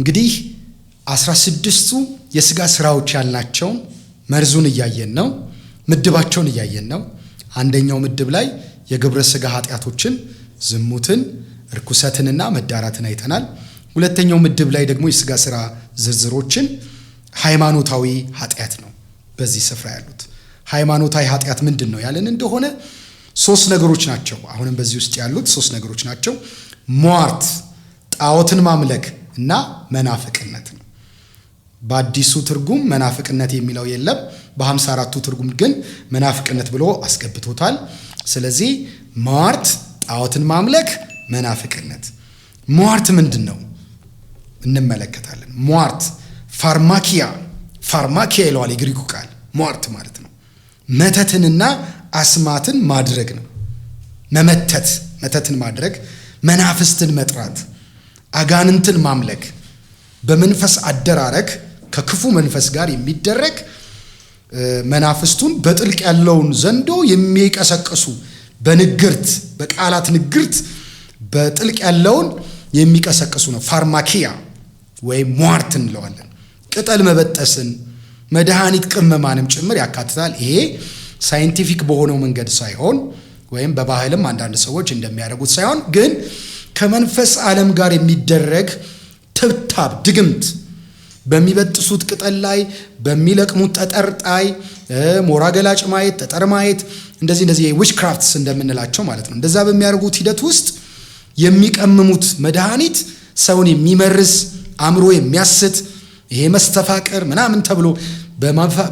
እንግዲህ አስራ ስድስቱ የስጋ ስራዎች ያላቸው መርዙን እያየን ነው። ምድባቸውን እያየን ነው። አንደኛው ምድብ ላይ የግብረ ስጋ ኃጢአቶችን፣ ዝሙትን፣ እርኩሰትንና መዳራትን አይተናል። ሁለተኛው ምድብ ላይ ደግሞ የስጋ ስራ ዝርዝሮችን ሃይማኖታዊ ኃጢአት ነው። በዚህ ስፍራ ያሉት ሃይማኖታዊ ኃጢአት ምንድን ነው ያለን እንደሆነ ሶስት ነገሮች ናቸው። አሁንም በዚህ ውስጥ ያሉት ሶስት ነገሮች ናቸው። ሟርት፣ ጣዖትን ማምለክ እና መናፍቅነት ነው። በአዲሱ ትርጉም መናፍቅነት የሚለው የለም። በሃምሳ አራቱ ትርጉም ግን መናፍቅነት ብሎ አስገብቶታል። ስለዚህ ሟርት ጣዖትን ማምለክ መናፍቅነት። ሟርት ምንድን ነው እንመለከታለን። ሟርት ፋርማኪያ ፋርማኪያ ይለዋል የግሪኩ ቃል ሟርት ማለት ነው። መተትንና አስማትን ማድረግ ነው። መመተት መተትን ማድረግ መናፍስትን መጥራት አጋንንትን ማምለክ በመንፈስ አደራረክ ከክፉ መንፈስ ጋር የሚደረግ መናፍስቱን በጥልቅ ያለውን ዘንዶ የሚቀሰቅሱ በንግርት በቃላት ንግርት በጥልቅ ያለውን የሚቀሰቅሱ ነው። ፋርማኪያ ወይም ሟርት እንለዋለን። ቅጠል መበጠስን መድኃኒት ቅመማንም ጭምር ያካትታል። ይሄ ሳይንቲፊክ በሆነው መንገድ ሳይሆን ወይም በባህልም አንዳንድ ሰዎች እንደሚያደርጉት ሳይሆን ግን ከመንፈስ ዓለም ጋር የሚደረግ ትብታብ ድግምት በሚበጥሱት ቅጠል ላይ በሚለቅሙት ጠጠር ጣይ ሞራ ገላጭ ማየት ጠጠር ማየት እንደዚህ እንደዚህ ዊች ክራፍትስ እንደምንላቸው ማለት ነው። እንደዛ በሚያደርጉት ሂደት ውስጥ የሚቀምሙት መድኃኒት ሰውን የሚመርስ አእምሮ የሚያስት ይሄ መስተፋቅር ምናምን ተብሎ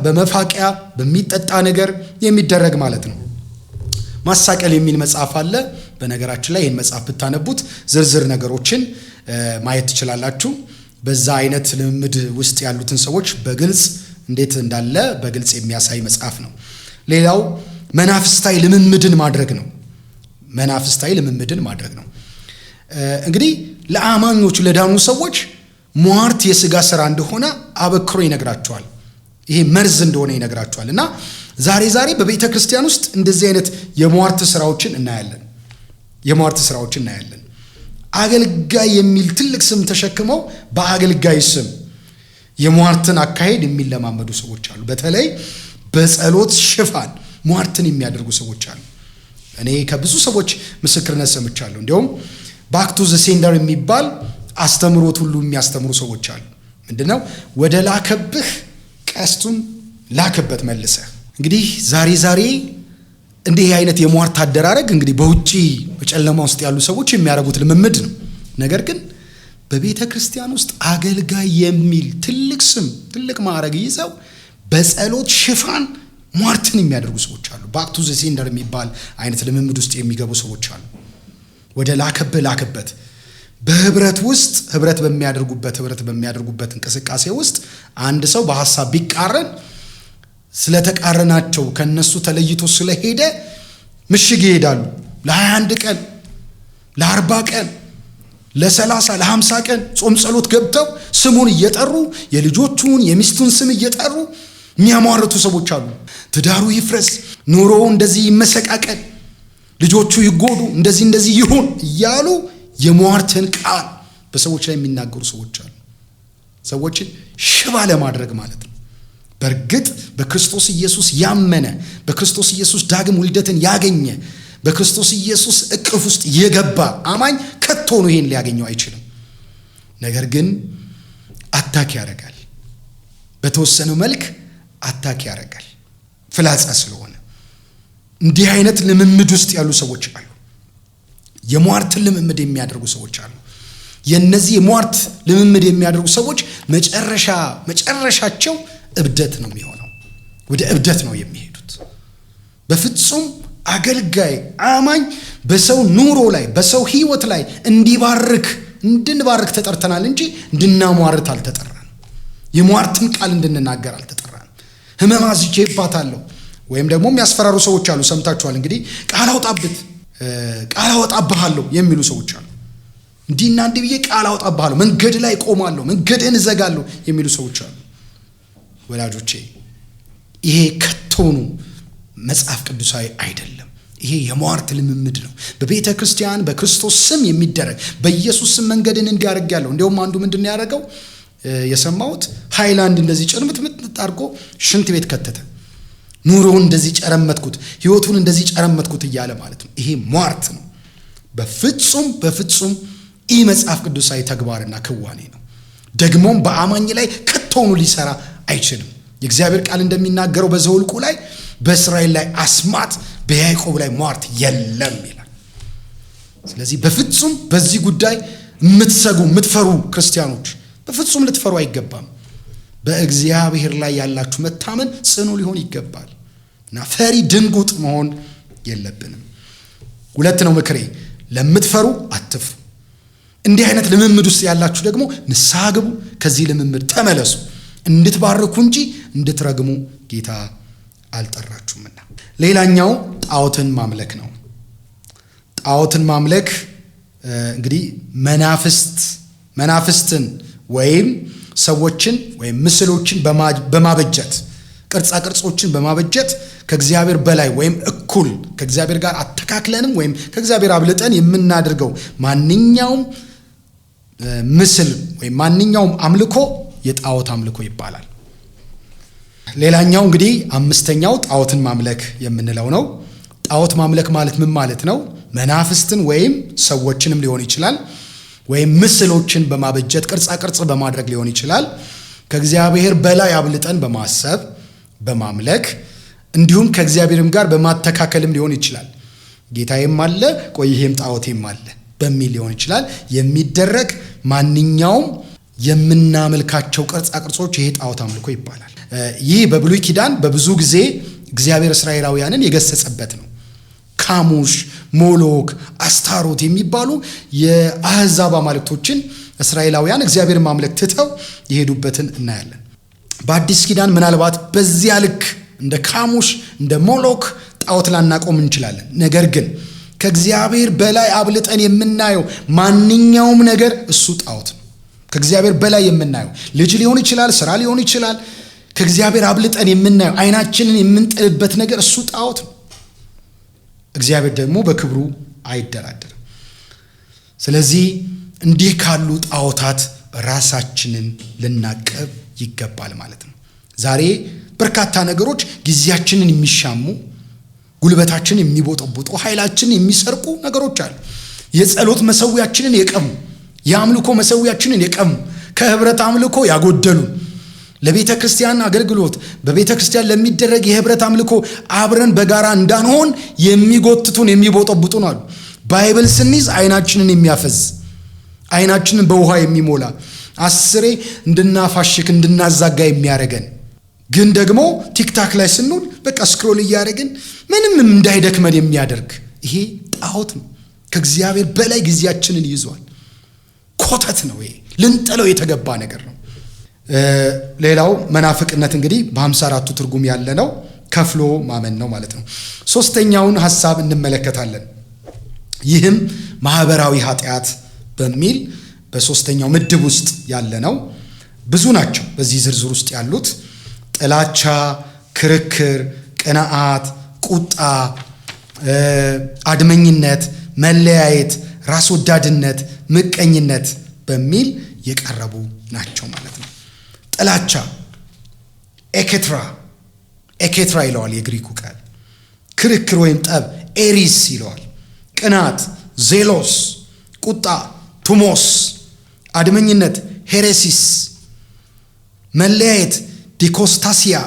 በመፋቂያ በሚጠጣ ነገር የሚደረግ ማለት ነው። ማሳቀል የሚል መጽሐፍ አለ። በነገራችን ላይ ይህን መጽሐፍ ብታነቡት ዝርዝር ነገሮችን ማየት ትችላላችሁ። በዛ አይነት ልምምድ ውስጥ ያሉትን ሰዎች በግልጽ እንዴት እንዳለ በግልጽ የሚያሳይ መጽሐፍ ነው። ሌላው መናፍስታዊ ልምምድን ማድረግ ነው። መናፍስታዊ ልምምድን ማድረግ ነው። እንግዲህ ለአማኞቹ ለዳኑ ሰዎች ሟርት የስጋ ስራ እንደሆነ አበክሮ ይነግራቸዋል። ይሄ መርዝ እንደሆነ ይነግራቸዋል እና ዛሬ ዛሬ በቤተ ክርስቲያን ውስጥ እንደዚህ አይነት የሟርት ስራዎችን እናያለን። የሟርት ስራዎችን እናያለን። አገልጋይ የሚል ትልቅ ስም ተሸክመው በአገልጋይ ስም የሟርትን አካሄድ የሚለማመዱ ሰዎች አሉ። በተለይ በጸሎት ሽፋን ሟርትን የሚያደርጉ ሰዎች አሉ። እኔ ከብዙ ሰዎች ምስክርነት ሰምቻለሁ። እንዲሁም ባክቱ ዘ ሴንደር የሚባል አስተምሮት ሁሉ የሚያስተምሩ ሰዎች አሉ። ምንድነው? ወደ ላከብህ ቀስቱን ላክበት መልሰህ እንግዲህ ዛሬ ዛሬ እንዲህ አይነት የሟርት አደራረግ እንግዲህ በውጪ በጨለማ ውስጥ ያሉ ሰዎች የሚያደርጉት ልምምድ ነው። ነገር ግን በቤተ ክርስቲያን ውስጥ አገልጋይ የሚል ትልቅ ስም ትልቅ ማዕረግ ይዘው በጸሎት ሽፋን ሟርትን የሚያደርጉ ሰዎች አሉ። ባክ ቱ ዘ ሴንደር የሚባል አይነት ልምምድ ውስጥ የሚገቡ ሰዎች አሉ። ወደ ላከብህ ላከበት በህብረት ውስጥ ህብረት በሚያደርጉበት ህብረት በሚያደርጉበት እንቅስቃሴ ውስጥ አንድ ሰው በሀሳብ ቢቃረን ስለተቃረናቸው ከነሱ ተለይቶ ስለሄደ ምሽግ ይሄዳሉ። ለ21 ቀን፣ ለ40 ቀን፣ ለ30 ለ50 ቀን ጾም ጸሎት ገብተው ስሙን እየጠሩ የልጆቹን የሚስቱን ስም እየጠሩ የሚያሟርቱ ሰዎች አሉ። ትዳሩ ይፍረስ፣ ኑሮው እንደዚህ ይመሰቃቀል፣ ልጆቹ ይጎዱ፣ እንደዚህ እንደዚህ ይሁን እያሉ የሟርትን ቃል በሰዎች ላይ የሚናገሩ ሰዎች አሉ። ሰዎችን ሽባ ለማድረግ ማለት ነው። በእርግጥ በክርስቶስ ኢየሱስ ያመነ በክርስቶስ ኢየሱስ ዳግም ውልደትን ያገኘ በክርስቶስ ኢየሱስ እቅፍ ውስጥ የገባ አማኝ ከቶ ነው ይሄን ሊያገኘው አይችልም። ነገር ግን አታክ ያደርጋል። በተወሰነ መልክ አታክ ያደርጋል። ፍላጻ ስለሆነ እንዲህ አይነት ልምምድ ውስጥ ያሉ ሰዎች አሉ። የሟርት ልምምድ የሚያደርጉ ሰዎች አሉ። የእነዚህ የሟርት ልምምድ የሚያደርጉ ሰዎች መጨረሻ መጨረሻቸው እብደት ነው የሚሆነው። ወደ እብደት ነው የሚሄዱት። በፍጹም አገልጋይ አማኝ በሰው ኑሮ ላይ በሰው ህይወት ላይ እንዲባርክ እንድንባርክ ተጠርተናል እንጂ እንድናሟርት አልተጠራን። የሟርትን ቃል እንድንናገር አልተጠራን። ህመም አዝጄባታለሁ ወይም ደግሞ የሚያስፈራሩ ሰዎች አሉ። ሰምታችኋል እንግዲህ ቃል አውጣብት ቃል አወጣብሃለሁ የሚሉ ሰዎች አሉ። እንዲህና እንዲህ ብዬ ቃል አወጣብሃለሁ፣ መንገድ ላይ ቆማለሁ፣ መንገድን እዘጋለሁ የሚሉ ሰዎች አሉ። ወላጆቼ ይሄ ከቶኑ መጽሐፍ ቅዱሳዊ አይደለም። ይሄ የሟርት ልምምድ ነው። በቤተ ክርስቲያን በክርስቶስ ስም የሚደረግ በኢየሱስ ስም መንገድን እንዲያደርግ ያለው እንዲሁም አንዱ ምንድን ነው ያደረገው የሰማሁት ሃይላንድ እንደዚህ ጭርምት ምትጣርቆ ሽንት ቤት ከተተ። ኑሮውን እንደዚህ ጨረመትኩት፣ ህይወቱን እንደዚህ ጨረመትኩት እያለ ማለት ነው። ይሄ ሟርት ነው። በፍጹም በፍጹም ኢ መጽሐፍ ቅዱሳዊ ተግባርና ክዋኔ ነው። ደግሞም በአማኝ ላይ ከቶውኑ ሊሰራ አይችልም። የእግዚአብሔር ቃል እንደሚናገረው በዘውልቁ ላይ በእስራኤል ላይ አስማት፣ በያዕቆብ ላይ ሟርት የለም ይላል። ስለዚህ በፍጹም በዚህ ጉዳይ የምትሰጉ የምትፈሩ ክርስቲያኖች በፍጹም ልትፈሩ አይገባም። በእግዚአብሔር ላይ ያላችሁ መታመን ጽኑ ሊሆን ይገባል እና ፈሪ ድንጉጥ መሆን የለብንም። ሁለት ነው ምክሬ፣ ለምትፈሩ አትፍሩ እንዲህ አይነት ልምምድ ውስጥ ያላችሁ ደግሞ ንስሐ ግቡ፣ ከዚህ ልምምድ ተመለሱ፣ እንድትባርኩ እንጂ እንድትረግሙ ጌታ አልጠራችሁምና። ሌላኛው ጣዖትን ማምለክ ነው። ጣዖትን ማምለክ እንግዲህ መናፍስት መናፍስትን ወይም ሰዎችን ወይም ምስሎችን በማበጀት ቅርጻ ቅርጾችን በማበጀት ከእግዚአብሔር በላይ ወይም እኩል ከእግዚአብሔር ጋር አተካክለንም ወይም ከእግዚአብሔር አብልጠን የምናደርገው ማንኛውም ምስል ወይም ማንኛውም አምልኮ የጣዖት አምልኮ ይባላል። ሌላኛው እንግዲህ አምስተኛው ጣዖትን ማምለክ የምንለው ነው። ጣዖት ማምለክ ማለት ምን ማለት ነው? መናፍስትን ወይም ሰዎችንም ሊሆን ይችላል፣ ወይም ምስሎችን በማበጀት ቅርጻ ቅርጽ በማድረግ ሊሆን ይችላል። ከእግዚአብሔር በላይ አብልጠን በማሰብ በማምለክ እንዲሁም ከእግዚአብሔርም ጋር በማተካከልም ሊሆን ይችላል። ጌታዬም አለ፣ ቆይ ጣዖቴም አለ በሚል ሊሆን ይችላል የሚደረግ ማንኛውም የምናመልካቸው ቅርጻ ቅርጾች ይሄ ጣዖት አምልኮ ይባላል። ይህ በብሉይ ኪዳን በብዙ ጊዜ እግዚአብሔር እስራኤላውያንን የገሰጸበት ነው። ካሙሽ፣ ሞሎክ፣ አስታሮት የሚባሉ የአህዛብ አማልክቶችን እስራኤላውያን እግዚአብሔር ማምለክ ትተው የሄዱበትን እናያለን። በአዲስ ኪዳን ምናልባት በዚያ ልክ እንደ ካሙሽ እንደ ሞሎክ ጣዖት ላናቆም እንችላለን። ነገር ግን ከእግዚአብሔር በላይ አብልጠን የምናየው ማንኛውም ነገር እሱ ጣዖት ነው። ከእግዚአብሔር በላይ የምናየው ልጅ ሊሆን ይችላል፣ ስራ ሊሆን ይችላል። ከእግዚአብሔር አብልጠን የምናየው አይናችንን የምንጥልበት ነገር እሱ ጣዖት ነው። እግዚአብሔር ደግሞ በክብሩ አይደራደርም። ስለዚህ እንዲህ ካሉ ጣዖታት ራሳችንን ልናቀብ ይገባል ማለት ነው። ዛሬ በርካታ ነገሮች ጊዜያችንን የሚሻሙ ጉልበታችን የሚቦጠቦጡ ኃይላችን የሚሰርቁ ነገሮች አሉ። የጸሎት መሰዊያችንን የቀሙ፣ የአምልኮ መሰዊያችንን የቀሙ፣ ከህብረት አምልኮ ያጎደሉ፣ ለቤተ ክርስቲያን አገልግሎት በቤተ ክርስቲያን ለሚደረግ የህብረት አምልኮ አብረን በጋራ እንዳንሆን የሚጎትቱን የሚቦጠቡጡን አሉ። ባይብል ስንይዝ አይናችንን የሚያፈዝ አይናችንን በውሃ የሚሞላ አስሬ እንድናፋሽክ እንድናዛጋ የሚያደረገን። ግን ደግሞ ቲክታክ ላይ ስንውል በቃ ስክሮል እያደረግን ምንም እንዳይደክመን የሚያደርግ ይሄ ጣዖት ነው። ከእግዚአብሔር በላይ ጊዜያችንን ይዟል። ኮተት ነው። ይሄ ልንጠለው የተገባ ነገር ነው። ሌላው መናፍቅነት እንግዲህ በሀምሳ አራቱ ትርጉም ያለ ነው። ከፍሎ ማመን ነው ማለት ነው። ሶስተኛውን ሀሳብ እንመለከታለን። ይህም ማህበራዊ ኃጢአት በሚል በሶስተኛው ምድብ ውስጥ ያለ ነው። ብዙ ናቸው በዚህ ዝርዝር ውስጥ ያሉት ጥላቻ፣ ክርክር፣ ቅንዓት፣ ቁጣ፣ አድመኝነት፣ መለያየት፣ ራስ ወዳድነት፣ ምቀኝነት በሚል የቀረቡ ናቸው ማለት ነው። ጥላቻ ኤኬትራ ኤኬትራ ይለዋል የግሪኩ ቃል። ክርክር ወይም ጠብ ኤሪስ ይለዋል። ቅናት ዜሎስ፣ ቁጣ ቱሞስ፣ አድመኝነት ሄሬሲስ፣ መለያየት ዲኮስታሲያ፣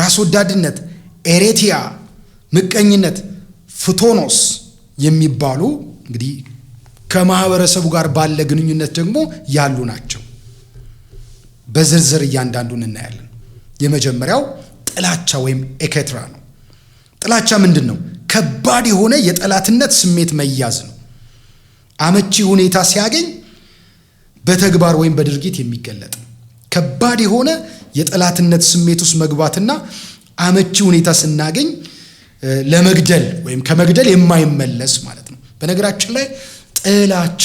ራስ ወዳድነት፣ ኤሬቲያ፣ ምቀኝነት፣ ፍቶኖስ የሚባሉ እንግዲህ ከማህበረሰቡ ጋር ባለ ግንኙነት ደግሞ ያሉ ናቸው። በዝርዝር እያንዳንዱን እናያለን። የመጀመሪያው ጥላቻ ወይም ኤኬትራ ነው። ጥላቻ ምንድን ነው? ከባድ የሆነ የጠላትነት ስሜት መያዝ ነው። አመቺ ሁኔታ ሲያገኝ በተግባር ወይም በድርጊት የሚገለጥ ከባድ የሆነ የጠላትነት ስሜት ውስጥ መግባትና አመቺ ሁኔታ ስናገኝ ለመግደል ወይም ከመግደል የማይመለስ ማለት ነው። በነገራችን ላይ ጥላቻ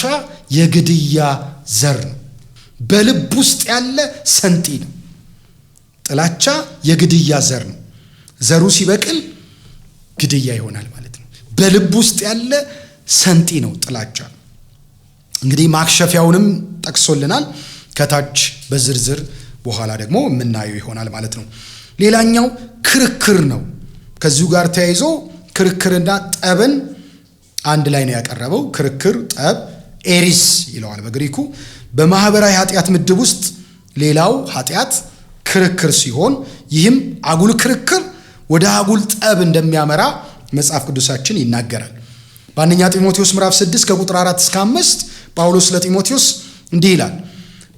የግድያ ዘር ነው። በልብ ውስጥ ያለ ሰንጢ ነው። ጥላቻ የግድያ ዘር ነው። ዘሩ ሲበቅል ግድያ ይሆናል ማለት ነው። በልብ ውስጥ ያለ ሰንጢ ነው ጥላቻ። እንግዲህ ማክሸፊያውንም ጠቅሶልናል ከታች በዝርዝር በኋላ ደግሞ የምናየው ይሆናል ማለት ነው። ሌላኛው ክርክር ነው። ከዚሁ ጋር ተያይዞ ክርክርና ጠብን አንድ ላይ ነው ያቀረበው። ክርክር፣ ጠብ፣ ኤሪስ ይለዋል በግሪኩ። በማህበራዊ ኃጢአት ምድብ ውስጥ ሌላው ኃጢአት ክርክር ሲሆን ይህም አጉል ክርክር ወደ አጉል ጠብ እንደሚያመራ መጽሐፍ ቅዱሳችን ይናገራል። በአንደኛ ጢሞቴዎስ ምዕራፍ 6 ከቁጥር 4 እስከ 5 ጳውሎስ ለጢሞቴዎስ እንዲህ ይላል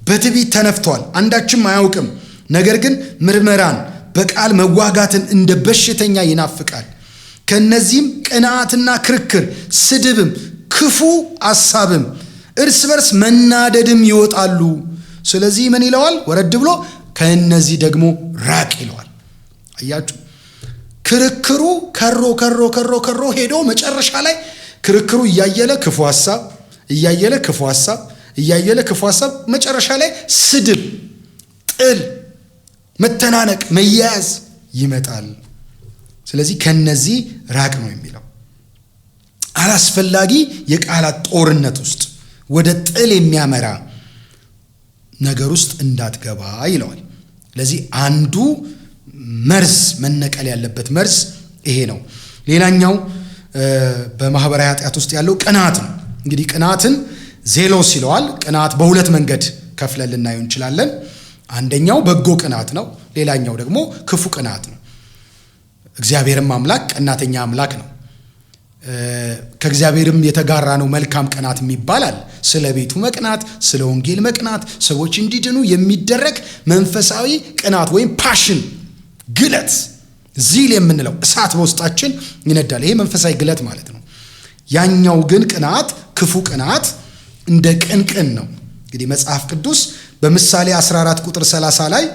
በትዕቢት ተነፍቷል፣ አንዳችም አያውቅም። ነገር ግን ምርመራን በቃል መዋጋትን እንደ በሽተኛ ይናፍቃል። ከእነዚህም ቅንዓትና ክርክር፣ ስድብም፣ ክፉ አሳብም፣ እርስ በርስ መናደድም ይወጣሉ። ስለዚህ ምን ይለዋል? ወረድ ብሎ ከእነዚህ ደግሞ ራቅ ይለዋል። አያችሁ፣ ክርክሩ ከሮ ከሮ ከሮ ከሮ ሄዶ መጨረሻ ላይ ክርክሩ እያየለ ክፉ ሀሳብ እያየለ ክፉ ሀሳብ እያየለ ክፉ ሀሳብ፣ መጨረሻ ላይ ስድብ፣ ጥል፣ መተናነቅ፣ መያያዝ ይመጣል። ስለዚህ ከነዚህ ራቅ ነው የሚለው። አላስፈላጊ የቃላት ጦርነት ውስጥ ወደ ጥል የሚያመራ ነገር ውስጥ እንዳትገባ ይለዋል። ስለዚህ አንዱ መርዝ መነቀል ያለበት መርዝ ይሄ ነው። ሌላኛው በማህበራዊ ኃጢአት ውስጥ ያለው ቅናት ነው። እንግዲህ ቅናትን ዜሎስ ይለዋል። ቅናት በሁለት መንገድ ከፍለን ልናየው እንችላለን። አንደኛው በጎ ቅናት ነው፣ ሌላኛው ደግሞ ክፉ ቅናት ነው። እግዚአብሔርም አምላክ ቀናተኛ አምላክ ነው። ከእግዚአብሔርም የተጋራ ነው መልካም ቅናት የሚባላል። ስለ ቤቱ መቅናት፣ ስለ ወንጌል መቅናት፣ ሰዎች እንዲድኑ የሚደረግ መንፈሳዊ ቅናት ወይም ፓሽን፣ ግለት፣ ዚል የምንለው እሳት በውስጣችን ይነዳል። ይሄ መንፈሳዊ ግለት ማለት ነው። ያኛው ግን ቅናት ክፉ ቅናት እንደ ቅንቅን ነው። እንግዲህ መጽሐፍ ቅዱስ በምሳሌ 14 ቁጥር 30 ላይ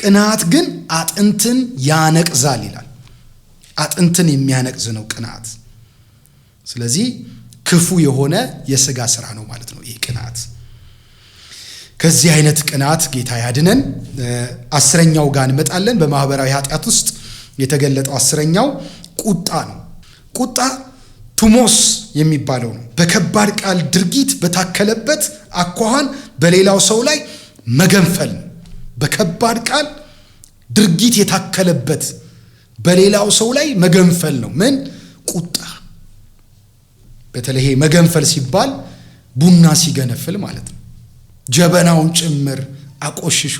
ቅናት ግን አጥንትን ያነቅዛል ይላል። አጥንትን የሚያነቅዝ ነው ቅናት። ስለዚህ ክፉ የሆነ የስጋ ስራ ነው ማለት ነው ይህ ቅናት። ከዚህ አይነት ቅናት ጌታ ያድነን። አስረኛው ጋር እንመጣለን። በማህበራዊ ኃጢአት ውስጥ የተገለጠው አስረኛው ቁጣ ነው። ቁጣ ቱሞስ የሚባለው ነው። በከባድ ቃል ድርጊት በታከለበት አኳኋን በሌላው ሰው ላይ መገንፈል ነው። በከባድ ቃል ድርጊት የታከለበት በሌላው ሰው ላይ መገንፈል ነው። ምን ቁጣ፣ በተለይ መገንፈል ሲባል ቡና ሲገነፍል ማለት ነው። ጀበናውን ጭምር አቆሽሹ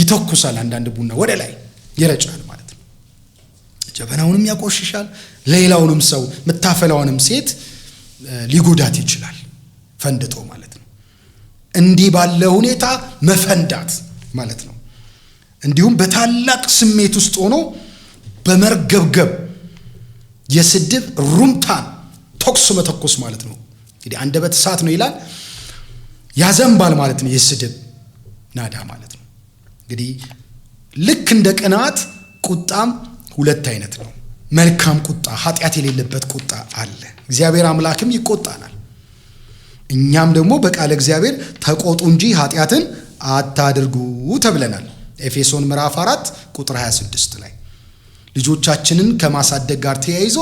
ይተኩሳል። አንዳንድ ቡና ወደ ላይ ይረጫል። ጀበናውንም ያቆሽሻል፣ ሌላውንም ሰው የምታፈላውንም ሴት ሊጎዳት ይችላል። ፈንድቶ ማለት ነው። እንዲህ ባለ ሁኔታ መፈንዳት ማለት ነው። እንዲሁም በታላቅ ስሜት ውስጥ ሆኖ በመርገብገብ የስድብ ሩምታን ቶክስ መተኮስ ማለት ነው። እንግዲህ አንደበት እሳት ነው ይላል። ያዘንባል ማለት ነው። የስድብ ናዳ ማለት ነው። እንግዲህ ልክ እንደ ቅናት ቁጣም ሁለት አይነት ነው። መልካም ቁጣ፣ ኃጢአት የሌለበት ቁጣ አለ። እግዚአብሔር አምላክም ይቆጣናል። እኛም ደግሞ በቃለ እግዚአብሔር ተቆጡ እንጂ ኃጢአትን አታድርጉ ተብለናል። ኤፌሶን ምዕራፍ 4 ቁጥር 26 ላይ ልጆቻችንን ከማሳደግ ጋር ተያይዞ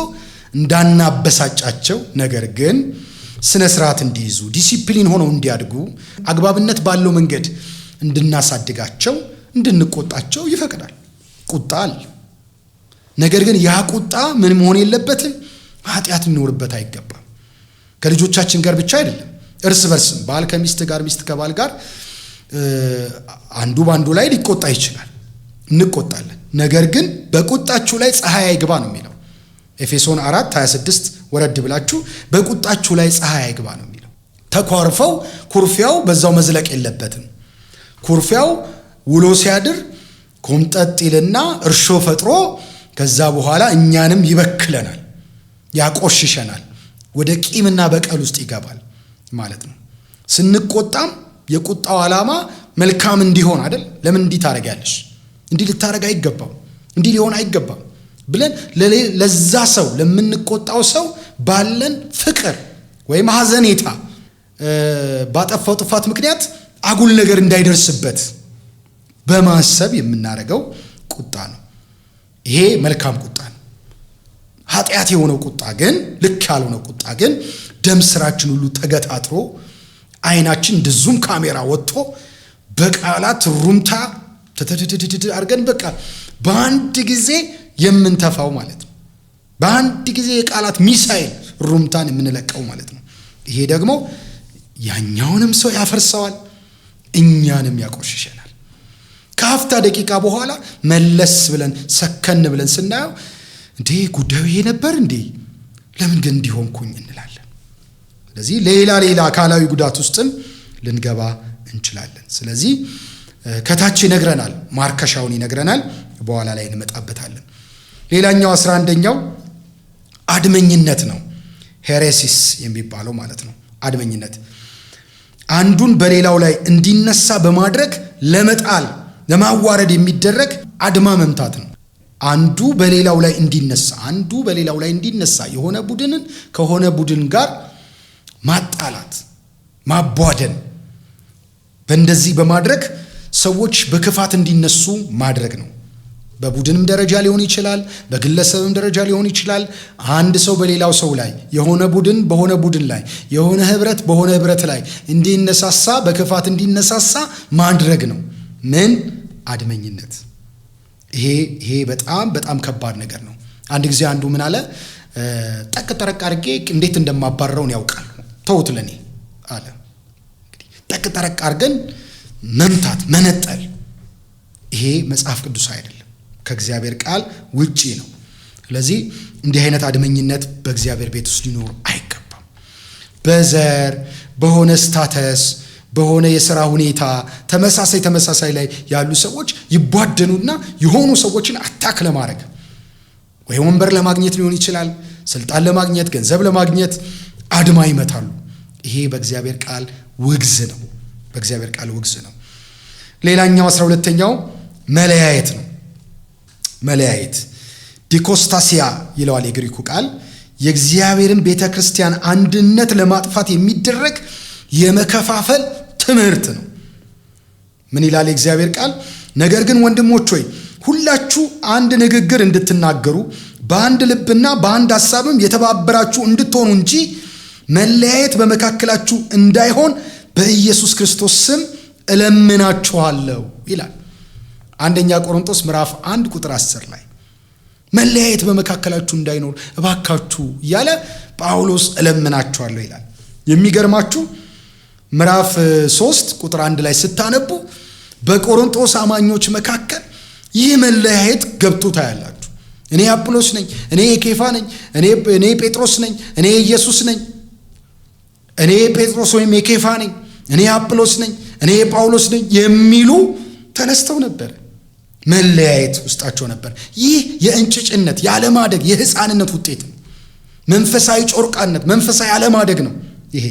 እንዳናበሳጫቸው ነገር ግን ስነ ስርዓት እንዲይዙ ዲሲፕሊን ሆነው እንዲያድጉ አግባብነት ባለው መንገድ እንድናሳድጋቸው እንድንቆጣቸው ይፈቅዳል። ቁጣ አለ። ነገር ግን ያ ቁጣ ምን መሆን የለበትም ኃጢአት ሊኖርበት አይገባም። ከልጆቻችን ጋር ብቻ አይደለም፣ እርስ በርስም ባል ከሚስት ጋር፣ ሚስት ከባል ጋር አንዱ በአንዱ ላይ ሊቆጣ ይችላል። እንቆጣለን። ነገር ግን በቁጣችሁ ላይ ፀሐይ አይግባ ነው የሚለው ኤፌሶን 4 26 ወረድ ብላችሁ በቁጣችሁ ላይ ፀሐይ አይግባ ነው የሚለው። ተኳርፈው ኩርፊያው በዛው መዝለቅ የለበትም። ኩርፊያው ውሎ ሲያድር ኮምጠጥ ይልና እርሾ ፈጥሮ ከዛ በኋላ እኛንም ይበክለናል፣ ያቆሽሸናል፣ ወደ ቂምና በቀል ውስጥ ይገባል ማለት ነው። ስንቆጣም የቁጣው ዓላማ መልካም እንዲሆን አይደል? ለምን እንዲህ ታደርጊያለሽ? እንዲህ ልታደርግ አይገባም፣ እንዲህ ሊሆን አይገባም ብለን ለዛ ሰው ለምንቆጣው ሰው ባለን ፍቅር ወይም ሐዘኔታ ባጠፋው ጥፋት ምክንያት አጉል ነገር እንዳይደርስበት በማሰብ የምናደርገው ቁጣ ነው። ይሄ መልካም ቁጣ ነው። ኃጢአት የሆነው ቁጣ ግን ልክ ያልሆነው ቁጣ ግን ደም ስራችን ሁሉ ተገታትሮ አይናችን እንደዙም ካሜራ ወጥቶ በቃላት ሩምታ ተተተተተተ አድርገን በቃ በአንድ ጊዜ የምንተፋው ማለት ነው። በአንድ ጊዜ የቃላት ሚሳኤል ሩምታን የምንለቀው ማለት ነው። ይሄ ደግሞ ያኛውንም ሰው ያፈርሰዋል፣ እኛንም ያቆሽሻል። ከሀፍታ ደቂቃ በኋላ መለስ ብለን ሰከን ብለን ስናየው እንዴ ጉዳዩ ይሄ ነበር እንዴ ለምን ግን እንዲሆንኩኝ እንላለን። ስለዚህ ሌላ ሌላ አካላዊ ጉዳት ውስጥም ልንገባ እንችላለን። ስለዚህ ከታች ይነግረናል፣ ማርከሻውን ይነግረናል። በኋላ ላይ እንመጣበታለን። ሌላኛው አስራ አንደኛው አድመኝነት ነው። ሄሬሲስ የሚባለው ማለት ነው። አድመኝነት አንዱን በሌላው ላይ እንዲነሳ በማድረግ ለመጣል ለማዋረድ የሚደረግ አድማ መምታት ነው። አንዱ በሌላው ላይ እንዲነሳ አንዱ በሌላው ላይ እንዲነሳ የሆነ ቡድንን ከሆነ ቡድን ጋር ማጣላት፣ ማቧደን በእንደዚህ በማድረግ ሰዎች በክፋት እንዲነሱ ማድረግ ነው። በቡድንም ደረጃ ሊሆን ይችላል፣ በግለሰብም ደረጃ ሊሆን ይችላል። አንድ ሰው በሌላው ሰው ላይ የሆነ ቡድን በሆነ ቡድን ላይ የሆነ ህብረት በሆነ ህብረት ላይ እንዲነሳሳ በክፋት እንዲነሳሳ ማድረግ ነው ምን አድመኝነት። ይሄ ይሄ በጣም በጣም ከባድ ነገር ነው። አንድ ጊዜ አንዱ ምን አለ፣ ጠቅ ጠረቅ አድርጌ እንዴት እንደማባረረውን ያውቃል፣ ተውት ለእኔ አለ። ጠቅ ጠረቅ አድርገን መምታት መነጠል፣ ይሄ መጽሐፍ ቅዱስ አይደለም፣ ከእግዚአብሔር ቃል ውጪ ነው። ስለዚህ እንዲህ አይነት አድመኝነት በእግዚአብሔር ቤት ውስጥ ሊኖር አይገባም። በዘር በሆነ ስታተስ በሆነ የሥራ ሁኔታ ተመሳሳይ ተመሳሳይ ላይ ያሉ ሰዎች ይቧደኑና የሆኑ ሰዎችን አታክ ለማድረግ ወይ ወንበር ለማግኘት ሊሆን ይችላል፣ ስልጣን ለማግኘት፣ ገንዘብ ለማግኘት አድማ ይመታሉ። ይሄ በእግዚአብሔር ቃል ውግዝ ነው። በእግዚአብሔር ቃል ውግዝ ነው። ሌላኛው አስራ ሁለተኛው መለያየት ነው። መለያየት ዲኮስታሲያ ይለዋል የግሪኩ ቃል። የእግዚአብሔርን ቤተ ክርስቲያን አንድነት ለማጥፋት የሚደረግ የመከፋፈል ትምህርት ነው። ምን ይላል የእግዚአብሔር ቃል? ነገር ግን ወንድሞች ሆይ ሁላችሁ አንድ ንግግር እንድትናገሩ በአንድ ልብና በአንድ ሐሳብም የተባበራችሁ እንድትሆኑ እንጂ መለያየት በመካከላችሁ እንዳይሆን በኢየሱስ ክርስቶስ ስም እለምናችኋለሁ ይላል አንደኛ ቆሮንቶስ ምዕራፍ አንድ ቁጥር አስር ላይ መለያየት በመካከላችሁ እንዳይኖር እባካችሁ እያለ ጳውሎስ እለምናችኋለሁ ይላል። የሚገርማችሁ ምዕራፍ ሶስት ቁጥር አንድ ላይ ስታነቡ በቆሮንቶስ አማኞች መካከል ይህ መለያየት ገብቶ ታያላችሁ። እኔ አጵሎስ ነኝ፣ እኔ ኬፋ ነኝ፣ እኔ ጴጥሮስ ነኝ፣ እኔ ኢየሱስ ነኝ፣ እኔ ጴጥሮስ ወይም የኬፋ ነኝ፣ እኔ አጵሎስ ነኝ፣ እኔ ጳውሎስ ነኝ የሚሉ ተነስተው ነበር። መለያየት ውስጣቸው ነበር። ይህ የእንጭጭነት የአለማደግ የህፃንነት ውጤት ነው። መንፈሳዊ ጮርቃነት፣ መንፈሳዊ አለማደግ ነው ይሄ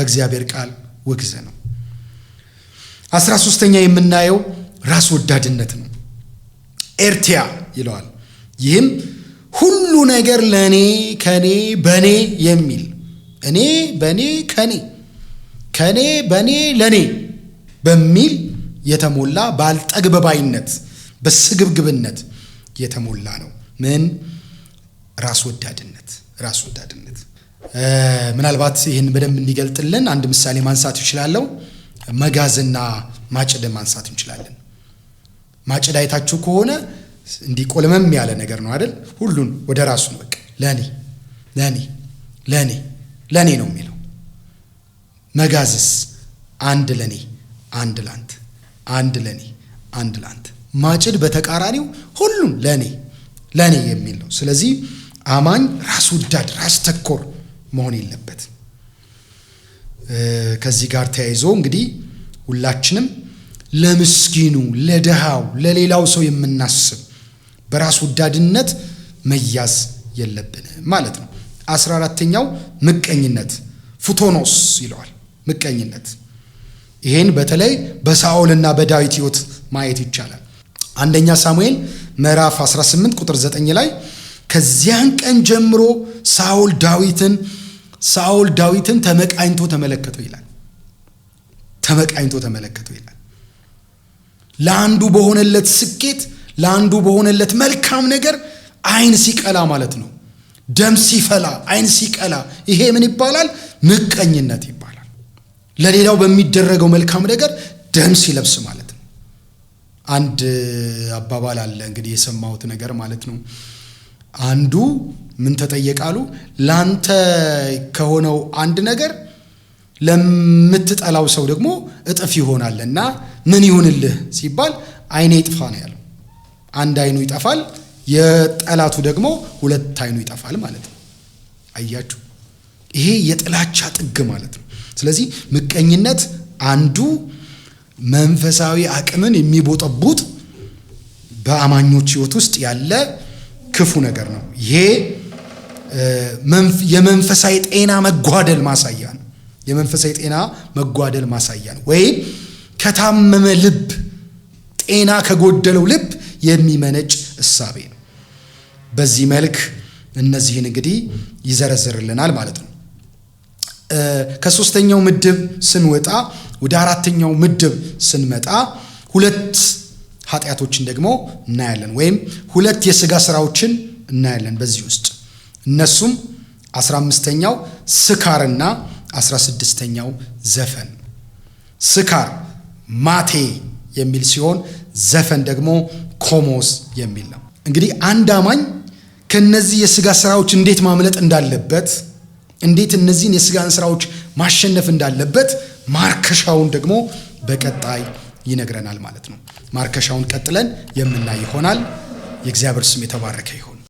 በእግዚአብሔር ቃል ውግዝ ነው። አስራ ሶስተኛ የምናየው ራስ ወዳድነት ነው። ኤርቲያ ይለዋል። ይህም ሁሉ ነገር ለእኔ ከኔ በኔ የሚል እኔ በኔ ከኔ ከኔ በኔ ለኔ በሚል የተሞላ ባልጠግበባይነት በስግብግብነት የተሞላ ነው። ምን ራስ ወዳድነት ራስ ወዳድነት ምናልባት ይህን በደንብ እንዲገልጥልን አንድ ምሳሌ ማንሳት ይችላለሁ። መጋዝና ማጭድን ማንሳት እንችላለን። ማጭድ አይታችሁ ከሆነ እንዲቆልመም ቆልመም ያለ ነገር ነው አይደል? ሁሉን ወደ ራሱ ነው። በቃ ለእኔ ለእኔ ለእኔ ለእኔ ነው የሚለው። መጋዝስ አንድ ለእኔ አንድ ላንት አንድ ለእኔ አንድ ላንት ማጭድ በተቃራኒው ሁሉን ለእኔ ለእኔ የሚል ነው። ስለዚህ አማኝ ራስ ወዳድ ራስ ተኮር መሆን የለበት። ከዚህ ጋር ተያይዞ እንግዲህ ሁላችንም ለምስኪኑ፣ ለድሃው፣ ለሌላው ሰው የምናስብ በራስ ወዳድነት መያዝ የለብን ማለት ነው። አስራ አራተኛው ምቀኝነት ፉቶኖስ ይለዋል። ምቀኝነት ይሄን በተለይ በሳኦልና በዳዊት ህይወት ማየት ይቻላል። አንደኛ ሳሙኤል ምዕራፍ 18 ቁጥር 9 ላይ ከዚያን ቀን ጀምሮ ሳኦል ዳዊትን ሳኦል ዳዊትን ተመቃኝቶ ተመለከተው ይላል። ተመቃኝቶ ተመለከተው ይላል። ለአንዱ በሆነለት ስኬት፣ ለአንዱ በሆነለት መልካም ነገር አይን ሲቀላ ማለት ነው። ደም ሲፈላ፣ አይን ሲቀላ፣ ይሄ ምን ይባላል? ምቀኝነት ይባላል። ለሌላው በሚደረገው መልካም ነገር ደም ሲለብስ ማለት ነው። አንድ አባባል አለ እንግዲህ የሰማሁት ነገር ማለት ነው አንዱ ምን ተጠየቃሉ? ላንተ ከሆነው አንድ ነገር ለምትጠላው ሰው ደግሞ እጥፍ ይሆናል እና ምን ይሁንልህ ሲባል ዓይኔ ይጥፋ ነው ያለው። አንድ አይኑ ይጠፋል፣ የጠላቱ ደግሞ ሁለት አይኑ ይጠፋል ማለት ነው። አያችሁ፣ ይሄ የጥላቻ ጥግ ማለት ነው። ስለዚህ ምቀኝነት አንዱ መንፈሳዊ አቅምን የሚቦጠቡጥ በአማኞች ህይወት ውስጥ ያለ ክፉ ነገር ነው። ይሄ የመንፈሳዊ ጤና መጓደል ማሳያ ነው። የመንፈሳዊ ጤና መጓደል ማሳያ ነው። ወይም ከታመመ ልብ ጤና ከጎደለው ልብ የሚመነጭ እሳቤ ነው። በዚህ መልክ እነዚህን እንግዲህ ይዘረዝርልናል ማለት ነው። ከሶስተኛው ምድብ ስንወጣ ወደ አራተኛው ምድብ ስንመጣ ሁለት ኃጢአቶችን ደግሞ እናያለን፣ ወይም ሁለት የሥጋ ሥራዎችን እናያለን በዚህ ውስጥ እነሱም 15 አምስተኛው ስካርና 16 ስድስተኛው ዘፈን። ስካር ማቴ የሚል ሲሆን ዘፈን ደግሞ ኮሞስ የሚል ነው። እንግዲህ አንድ አማኝ ከእነዚህ የሥጋ ሥራዎች እንዴት ማምለጥ እንዳለበት፣ እንዴት እነዚህን የሥጋን ሥራዎች ማሸነፍ እንዳለበት ማርከሻውን ደግሞ በቀጣይ ይነግረናል ማለት ነው። ማርከሻውን ቀጥለን የምናይ ይሆናል። የእግዚአብሔር ስም የተባረከ ይሁን።